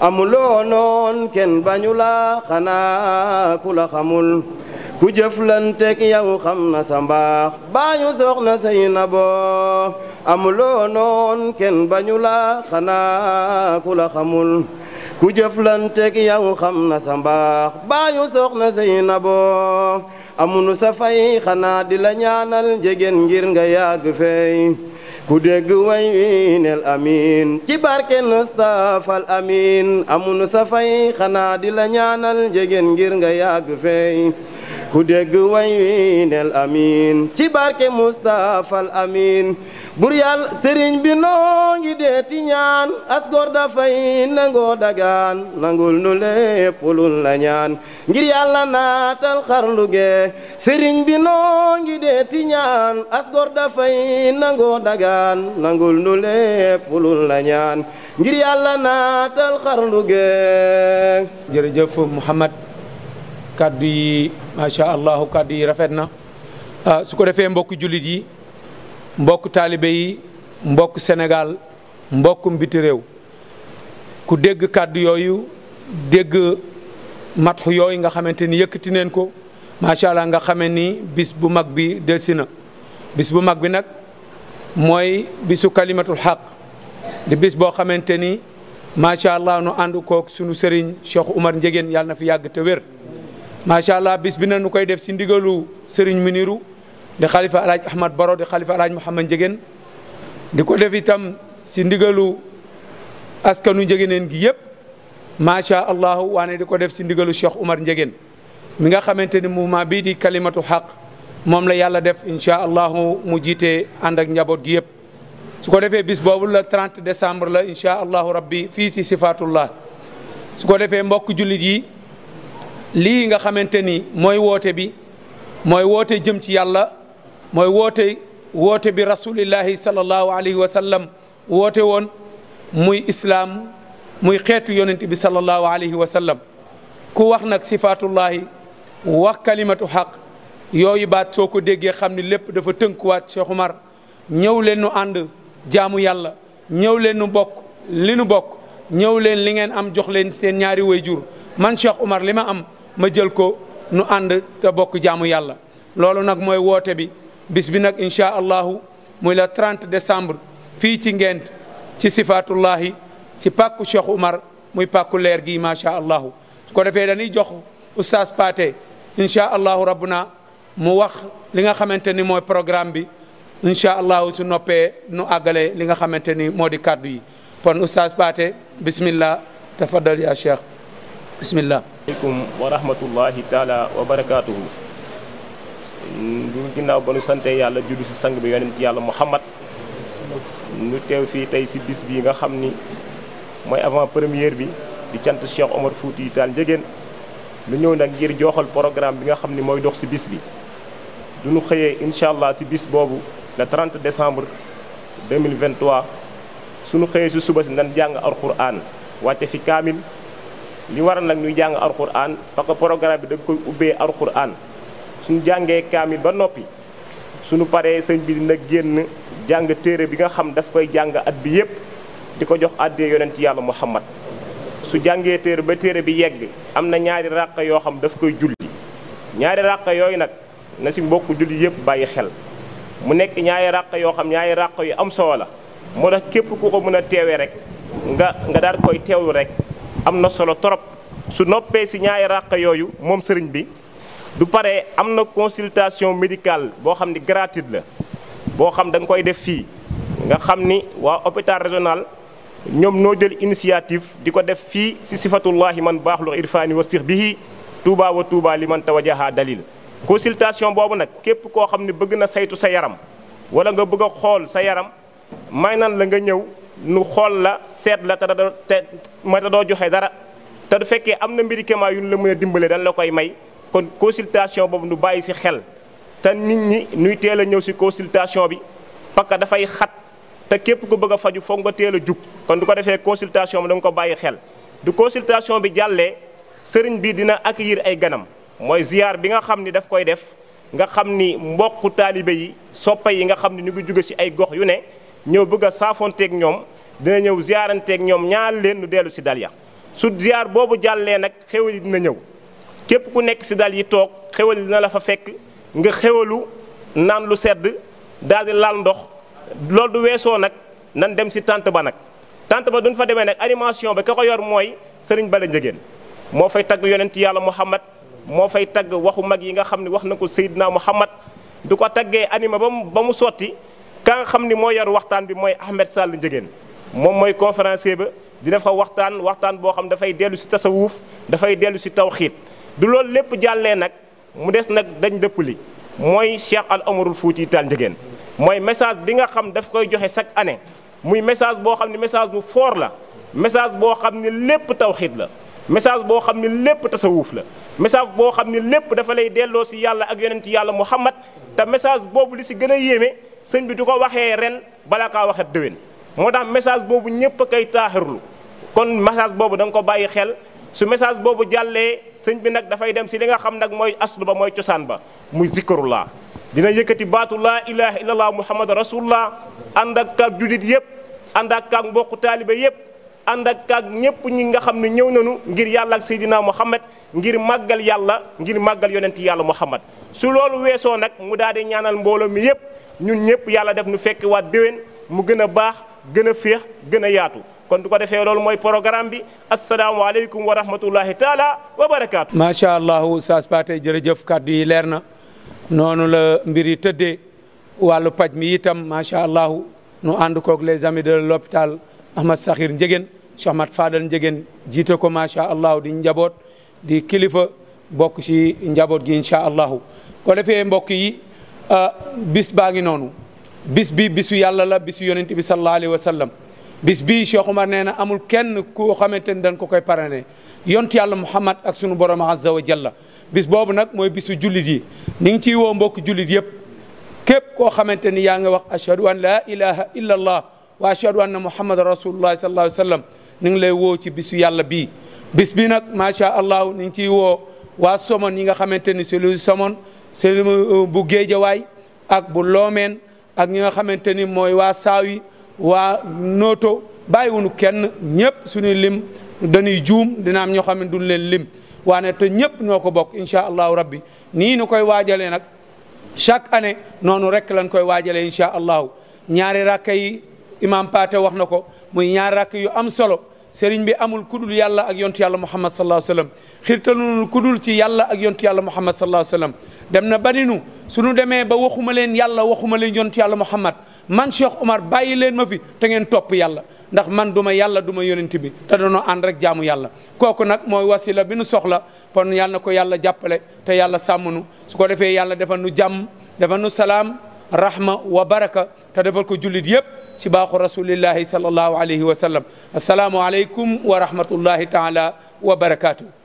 amuloo noon kenn bañu la xanaa ku la xamul ku jëflanteeg yow xam na sa mbaax baañu soxna say na boo amuloo noon kenn bañu la xanaa ku la xamul ku jëflanteeg yow xam na sa mbaax baañu soxna say na boo amunu sa fay xanaa di la ñaanal jegeen ngir nga yàgg fey ku dégg way wi nel amin ci barke Mustafal amin amunu sa xanaa di la jegen ngir nga yàgg fey ku dégg way wi nel ci barke Mustafa al bur yàlla sëriñ bi noo ngi deeti ñaan asgoor dafay nangoo dagaan nangul nu lépp lun la ñaan ngir yàlla naatal xarlu ge sëriñ bi noo ngi deeti ñaan asgoor dafay nangoo dagaan nangul nu lépp lun la ñaan ngir yàlla naatal xarlu ge jërëjëf Muhammad kàddu yi macha allah kàddu yi rafet na ah, su ko defee mbokk jullit yi mbokk taalibe yi mbokk Sénégal mbokkum biti réew ku dégg kàddu yooyu dégg mat yooyu nga xamante ni yëkkati neen ko macha allah nga xamee ni bis bu mag bi delsi na bis bu mag bi nag mooy bissu kalimatul xaq di bis boo xamante ni macha allah nu ànd kook sunu sëriñ Cheikh Oumar Ndiéguène yàlla na fi yàgg te wér macha allah bis bi nag nu koy def si ndigalu Serigne Muniru di xalifa El Hadj Ahmad Baro di xalifa El Hadj Mouhamad Ndiéguène di ko def itam si ndigalu askanu Ndiéguèneen gi yëpp macha allah wane di ko def si ndigalu Cheikh Oumar Ndiéguène mi nga xamante ni mouvement bii di kalimatu xaq moom la yàlla def incha allah mu jiite ànd ak njaboot gi yëpp. su ko defee bis boobu la 30 décembre la incha allahu rabbi fii si sifatullah su ko defee mbokk jullit yi li nga xamanteni moy wote bi moy wote jëm ci yàlla moy wote wote bi rasulillahi sallallahu alayhi wa sallam woote woon muy islam muy xetu yonent bi sallallahu alayhi wa sallam ku wax nak sifatullah wax kalimatu xaq yooyu baat soo ko xamni lépp dafa wat Cheikh Umar ñëw leen nu ànd jaamu yàlla ñëw leen nu bok li nu bok ñëw leen li ngeen am jox leen seen ñaari wayjur man Cheikh Umar lima am ma jël ko nu and te bokk jaamu yàlla loolu nag mooy woote bi bis bi nag insha allahu muy le 30 décembre fii ci Ngent ci sifaatullahi ci pàkku Cheikh Oumar muy pàkku leer gi macha allahu su ko defee dañuy jox oustaz paté insha allahu rabbuna mu wax li nga xamante ni mooy programme bi insha Allah su noppee nu àggale li nga xamante ni moo di kàddu yi kon oustaz paté bismillah tafadal ya cheikh bismillah aleykum wa rahmatullahi taala wa barakatuh du ginnaaw ba nu sante yalla jiddu ci sang bi yonent yalla muhammad nu tew fi tay ci bis bi nga xamni moy avant première bi di tiant Cheikh Omar Fouti Tall jegen lu ñew nak ngir joxal programme bi nga xamni moy dox si bis bi du ñu xëyee incha allah si bis bobu le 30 décembre 2023 suñu xëyee ci suba ci nan jang alcorane wate fi kamil li waral nak ñuy jang alquran parce que programme bi dañ koy ubbee alquran suñu jangé kami ba nopi suñu paré sëñ bi dina génn jang téré bi nga xam daf koy jang at bi yépp di jox àddee yonent yalla muhammad su jangé téré ba téré bi yegg am na ñaari ràq yo xam daf koy julli ñaari ràq yoy nak na ci mbokk julli yépp bayyi xel mu nek ñaari ràq yo xam ñaari ràq yu am solo la tax képp ku ko mëna téwé rek nga nga daal koy rek am na solo trop su noppee si ñaari ràq yooyu moom sëriñ bi du pare am na consultation médicale boo xam ni gratuite la boo xam da nga koy def fii nga xam ni waa hôpital régional ñoom noo jël initiative di ko def fii si sifatullahi man baax baaxlu irfaani wa bi bihi tuuba wa tuuba li man tawajaha dalil consultation boobu nag képp koo xam ne bëgg na saytu sa yaram wala nga bëgg a xool sa yaram may nan la nga ñëw nu xool la seet la te da te ma doo joxe dara te du fekkee am na médicament yu la mën a dimbale dañ la koy may kon consultation boobu nu bàyyi si xel te nit ñi nuy teel a ñëw si consultation bi parce que dafay xat te képp ku bëgg a faju foog nga teel a jug kon du ko defee consultation bi da nga ko bàyyi xel du consultation bi jàllee sëriñ bi dina ak accueillir ay ganam mooy ziar bi nga xam ni daf koy def nga xam ni mbokku taalibe yi soppa yi nga xam ni ñu ngi jóge ci ay gox yu ne ñëw bëgg a saafonteeg ñoom dina ñëw ziaranteeg ñoom ñaar leen nu dellu si dal ya su ziar boobu jàllee nag xéwal dina ñëw képp ku nekk si dal yi toog xéwal yi dina la fa fekk nga xéwalu naan lu sedd daal di laal ndox loolu du weesoo nag nan dem si tànt ba nag tànt ba duñ fa demee nag animation ba ka ko yor mooy sëriñ ba la Njëgeen moo fay tagg yonent yàlla Muhammad moo fay tagg waxu mag yi nga xam ne wax na ko Seydina Muhammad du ko taggee anima ba mu ba mu sotti كان خمني موي يار وقتان بموي أحمد سال نجعين موم موي كونفرنس يبه دينا فا وقتان وقتان بو خم دفاي ديلو سي تصوف دفاي ديلو سي توحيد دو لول ليب جالي نك مو ديس نك دنج دبولي موي شيخ الامر الفوتي تال نجعين موي ميساج بيغا خم داف كوي جوخي أنا اني موي ميساج بو خم ني ميساج بو فور لا ميساج بو خم ني ليب توحيد لا message bo xamni lepp tasawuf la message bo xamni lepp dafa lay delo ci yalla ak yonent yalla muhammad ta message bobu li sëñ bi du ko waxee ren bala kaa waxat déwén moo tax message boobu ñëpp a koy taaxirlu kon message boobu da nga ko bàyyi xel su message boobu jàllee sëñ bi nag dafay dem si li nga xam nag mooy aslu ba mooy cosaan ba muy zikrullaa dina yëkkati baatu laa ilaha illallah muhammad rasulullah ànd ak kaag judit yëpp ànd ak kaag mbokku taalibe yëpp ànd ak kaag ñëpp ñi nga xam ne ñëw nañu ngir yàlla ak seydina muhammad ngir màggal yàlla ngir màggal yonent yàlla muhammad su loolu weesoo nag mu daal di ñaanal mbooloo mi yëpp ñun ñëpp yàlla def nu fekk waat déwén mu gën a baax gën a féex gën a yaatu kon du ko defee loolu mooy programme bi asalaamaaleykum wa rahmatullahi taala wa barakaatu. macha allah Oustaz Pathé jërëjëf kàddu yi leer na noonu la mbir yi tëddee wàllu paj mi itam macha allah nu ànd koog les amis de l'hôpital Ahmad Sakhir Ndiéguène Cheikh Ahmad Fadal Ndiéguène jiite ko macha allah di njaboot di kilifa bokk ci njaboot gi incha allah ko defee mbokk yi. Euh, bis baa ngi noonu bis bi bisu yàlla la bisu yonent bi sallallahu alayhi wa sallam bis bii Cheikh Omar nee na amul kenn koo xamante ni dañ ko koy parrainé yontu yàlla Muhammad ak sunu borom azza wa jalla bis boobu nag mooy bisu jullit yi ni ngi ciy woo mbokk jullit yëpp képp koo xamante ni yaa ngi wax ashhadu an laa ilaha illa allah wa ashhadu anna muhammadan rasulullah sallallahu alayhi wa sallam ni ngi lay woo ci bisu yàlla bii bis bi nag macha allah ni ngi ciy waa Somone yi nga xamante ni celui Somone celui euh, bu Géejawaay ak bu lomen ak ñi nga xamante ni mooy waa Saawi waa Nooto bàyyiwunu kenn ñëpp suñu lim dañuy juum dina am ñoo xam duñ leen lim waane te ñëpp ñoo ko bokk incha allahu rabbi nii nu koy waajalee nag chaque année noonu rek lañ koy waajalee incha allahu ñaari rakk yi imam Paate wax na ko muy ñaari rakk yu am solo. sëriñ bi amul kudul yàlla ak yontu yàlla muhammad sallallahu alayhi wa sallam xirtanunu kudul ci yàlla ak yontu yàlla muhammad sallallahu alayhi wa sallam dem na baninu suñu demee ba waxuma leen yàlla waxuma leen yontu yàlla muhammad man Cheikh Omar bàyyi leen ma fi te ngeen topp yàlla ndax man duma yàlla duma yonent bi te doonoo ànd rek jaamu yàlla kooku nag mooy wasila bi nu soxla kon yàlla na ko yàlla jàppale te yàlla sàmm nu su ko defee yàlla defal nu jàmm defal nu salaam rahma wa baraka te defal ko jullit yëpp ci baaxu rasulillahi sallallahu alayhi wa sallam asalaamualeykum wa rahmatullahi taala wa barakaatu.